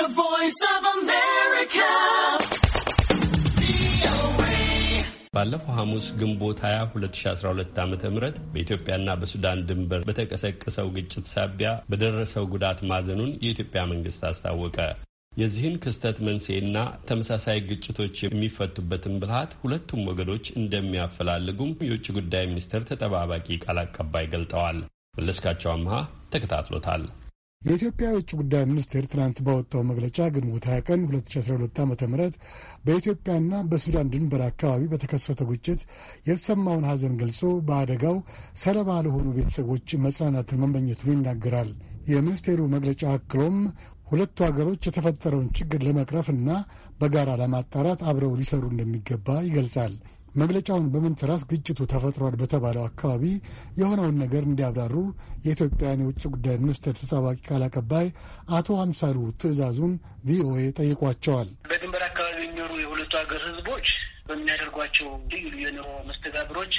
The Voice of America. ባለፈው ሐሙስ ግንቦት 20 2012 ዓ ም በኢትዮጵያና በሱዳን ድንበር በተቀሰቀሰው ግጭት ሳቢያ በደረሰው ጉዳት ማዘኑን የኢትዮጵያ መንግስት አስታወቀ። የዚህን ክስተት መንስኤና ተመሳሳይ ግጭቶች የሚፈቱበትን ብልሃት ሁለቱም ወገኖች እንደሚያፈላልጉም የውጭ ጉዳይ ሚኒስቴር ተጠባባቂ ቃል አቀባይ ገልጠዋል። መለስካቸው አምሃ ተከታትሎታል። የኢትዮጵያ የውጭ ጉዳይ ሚኒስቴር ትናንት ባወጣው መግለጫ ግንቦት 20 ቀን 2012 ዓ ም በኢትዮጵያና በሱዳን ድንበር አካባቢ በተከሰተ ግጭት የተሰማውን ሐዘን ገልጾ በአደጋው ሰለባ ለሆኑ ቤተሰቦች መጽናናትን መመኘቱን ይናገራል። የሚኒስቴሩ መግለጫ አክሎም ሁለቱ ሀገሮች የተፈጠረውን ችግር ለመቅረፍ እና በጋራ ለማጣራት አብረው ሊሰሩ እንደሚገባ ይገልጻል። መግለጫውን በመንተራስ ግጭቱ ተፈጥሯል በተባለው አካባቢ የሆነውን ነገር እንዲያብራሩ የኢትዮጵያን የውጭ ጉዳይ ሚኒስቴር ተጠባቂ ቃል አቀባይ አቶ አምሳሉ ትዕዛዙን ቪኦኤ ጠይቋቸዋል። በድንበር አካባቢ የሚኖሩ የሁለቱ ሀገር ህዝቦች በሚያደርጓቸው ልዩ ልዩ የኑሮ መስተጋብሮች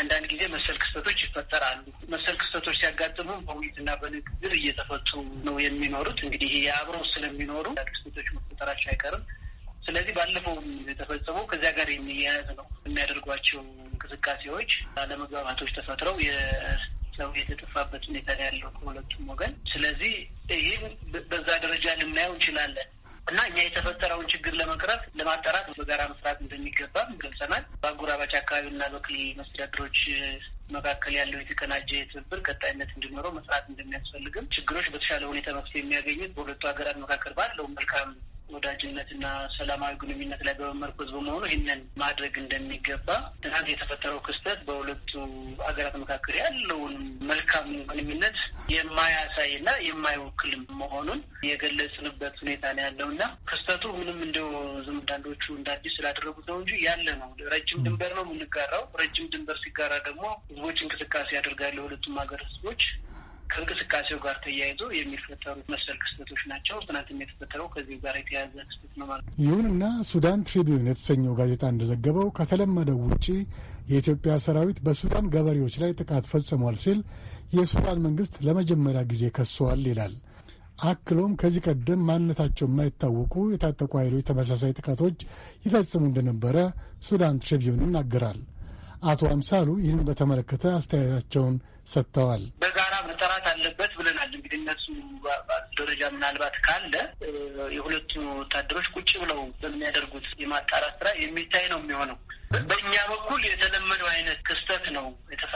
አንዳንድ ጊዜ መሰል ክስተቶች ይፈጠራሉ። መሰል ክስተቶች ሲያጋጥሙ በውይይትና በንግግር እየተፈቱ ነው የሚኖሩት። እንግዲህ የአብረው ስለሚኖሩ ክስተቶች መፈጠራቸው አይቀርም። ስለዚህ ባለፈው የተፈጸመው ከዚያ ጋር የሚያያዝ ነው። የሚያደርጓቸው እንቅስቃሴዎች አለመግባባቶች ተፈጥረው ሰው የተጠፋበት ሁኔታ ያለው ከሁለቱም ወገን። ስለዚህ ይህም በዛ ደረጃ ልናየው እንችላለን እና እኛ የተፈጠረውን ችግር ለመቅረፍ ለማጣራት በጋራ መስራት እንደሚገባም ገልጸናል። በአጎራባች አካባቢ እና በክልል መስተዳድሮች መካከል ያለው የተቀናጀ ትብብር ቀጣይነት እንዲኖረው መስራት እንደሚያስፈልግም ችግሮች በተሻለ ሁኔታ መፍትሄ የሚያገኙት በሁለቱ ሀገራት መካከል ባለው መልካም ወዳጅነትና ሰላማዊ ግንኙነት ላይ በመመርኮዝ በመሆኑ ይህንን ማድረግ እንደሚገባ ትናንት የተፈጠረው ክስተት በሁለቱ ሀገራት መካከል ያለውን መልካም ግንኙነት የማያሳይና የማይወክል መሆኑን የገለጽንበት ሁኔታ ነው ያለው እና ክስተቱ ምንም እንደ ዝም አንዳንዶቹ እንደ አዲስ ስላደረጉት ነው እንጂ ያለ ነው። ረጅም ድንበር ነው የምንጋራው። ረጅም ድንበር ሲጋራ ደግሞ ህዝቦች እንቅስቃሴ ያደርጋል የሁለቱም ሀገር ህዝቦች ከእንቅስቃሴው ጋር ተያይዞ የሚፈጠሩ መሰል ክስተቶች ናቸው። ትናንትም የተፈጠረው ከዚህ ጋር የተያያዘ ክስተት ነው ማለት ነው። ይሁንና ሱዳን ትሪቢዩን የተሰኘው ጋዜጣ እንደዘገበው ከተለመደው ውጪ የኢትዮጵያ ሰራዊት በሱዳን ገበሬዎች ላይ ጥቃት ፈጽሟል ሲል የሱዳን መንግስት ለመጀመሪያ ጊዜ ከሷል ይላል። አክሎም ከዚህ ቀደም ማንነታቸው የማይታወቁ የታጠቁ ኃይሎች ተመሳሳይ ጥቃቶች ይፈጽሙ እንደነበረ ሱዳን ትሪቢዩን ይናገራል። አቶ አምሳሉ ይህን በተመለከተ አስተያየታቸውን ሰጥተዋል። መጠራት አለበት ብለናል። እንግዲህ እነሱ ደረጃ ምናልባት ካለ የሁለቱ ወታደሮች ቁጭ ብለው በሚያደርጉት የማጣራት ስራ የሚታይ ነው የሚሆነው። በእኛ በኩል የተለመደው አይነት ክስ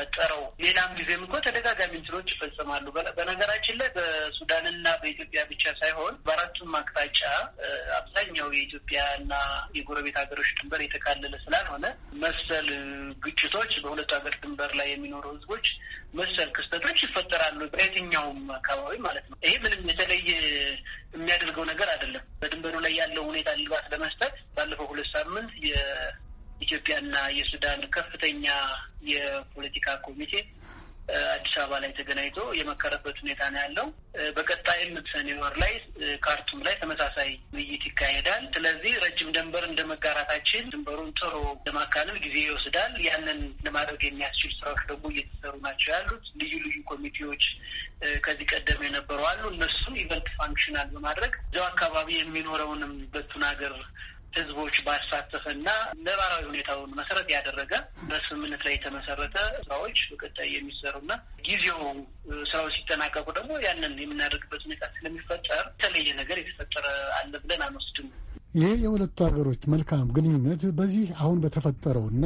የተፈጠረው። ሌላም ጊዜም እኮ ተደጋጋሚ እንትኖች ይፈጽማሉ። በነገራችን ላይ በሱዳንና በኢትዮጵያ ብቻ ሳይሆን በአራቱም አቅጣጫ አብዛኛው የኢትዮጵያና የጎረቤት ሀገሮች ድንበር የተካለለ ስላልሆነ መሰል ግጭቶች በሁለቱ ሀገር ድንበር ላይ የሚኖሩ ህዝቦች መሰል ክስተቶች ይፈጠራሉ በየትኛውም አካባቢ ማለት ነው። ይሄ ምንም የተለየ የሚያደርገው ነገር አይደለም። በድንበሩ ላይ ያለው ሁኔታ ልባት ለመስጠት ባለፈው ሁለት ሳምንት የኢትዮጵያና የሱዳን ከፍተኛ የፖለቲካ ኮሚቴ አዲስ አበባ ላይ ተገናኝቶ የመከረበት ሁኔታ ነው ያለው። በቀጣይም ሰኔ ወር ላይ ካርቱም ላይ ተመሳሳይ ውይይት ይካሄዳል። ስለዚህ ረጅም ደንበር እንደ መጋራታችን ድንበሩን ቶሎ ለማካለል ጊዜ ይወስዳል። ያንን ለማድረግ የሚያስችል ስራዎች ደግሞ እየተሰሩ ናቸው ያሉት። ልዩ ልዩ ኮሚቴዎች ከዚህ ቀደም የነበሩ አሉ። እነሱም ኢቨንት ፋንክሽናል በማድረግ እዚያው አካባቢ የሚኖረውንም በቱን ሀገር ህዝቦች ባሳተፈና ነባራዊ ሁኔታውን መሰረት ያደረገ በስምምነት ላይ የተመሰረተ ስራዎች በቀጣይ የሚሰሩና ጊዜው ስራዎች ሲጠናቀቁ ደግሞ ያንን የምናደርግበት ሁኔታ ስለሚፈጠር የተለየ ነገር የተፈጠረ አለ ብለን አንወስድም። ይህ የሁለቱ ሀገሮች መልካም ግንኙነት በዚህ አሁን በተፈጠረውና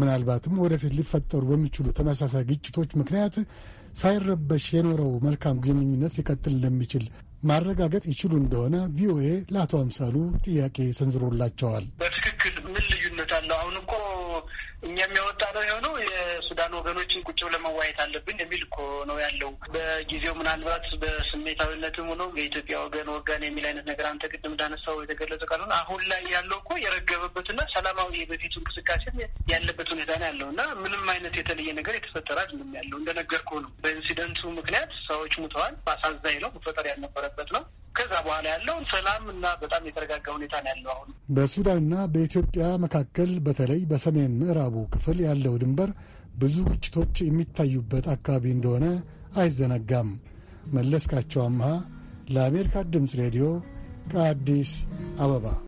ምናልባትም ወደፊት ሊፈጠሩ በሚችሉ ተመሳሳይ ግጭቶች ምክንያት ሳይረበሽ የኖረው መልካም ግንኙነት ሊቀጥል እንደሚችል ማረጋገጥ ይችሉ እንደሆነ ቪኦኤ ለአቶ አምሳሉ ጥያቄ ሰንዝሮላቸዋል። በትክክል ምን ልዩነት አለው? አሁን እኮ እኛም ያወጣ ነው የሆነው የሱዳን ወገኖችን ቁጭ ብለን መዋየት አለብን የሚል እኮ ነው ያለው። በጊዜው ምናልባት በስሜታዊነትም ሆኖ በኢትዮጵያ ወገን ወጋን የሚል አይነት ነገር አንተ ቅድም እንዳነሳው የተገለጸ ካልሆነ አሁን ላይ ያለው እኮ የረገበበትና ሰላማዊ የበፊቱ እንቅስቃሴ ያለበት ሁኔታ ነው ያለው እና ምንም አይነት የተለየ ነገር የተፈጠረ አይደለም ያለው እንደነገርኩ ነው። በኢንሲደንቱ ምክንያት ሰዎች ሙተዋል። አሳዛኝ ነው። መፈጠር ያልነበረበት ነው። ከዛ በኋላ ያለውን ሰላም እና በጣም የተረጋጋ ሁኔታ ነው ያለው። አሁን በሱዳንና በኢትዮጵያ መካከል በተለይ በሰሜን ምዕራቡ ክፍል ያለው ድንበር ብዙ ግጭቶች የሚታዩበት አካባቢ እንደሆነ አይዘነጋም። መለስካቸው አምሃ ለአሜሪካ ድምፅ ሬዲዮ ከአዲስ አበባ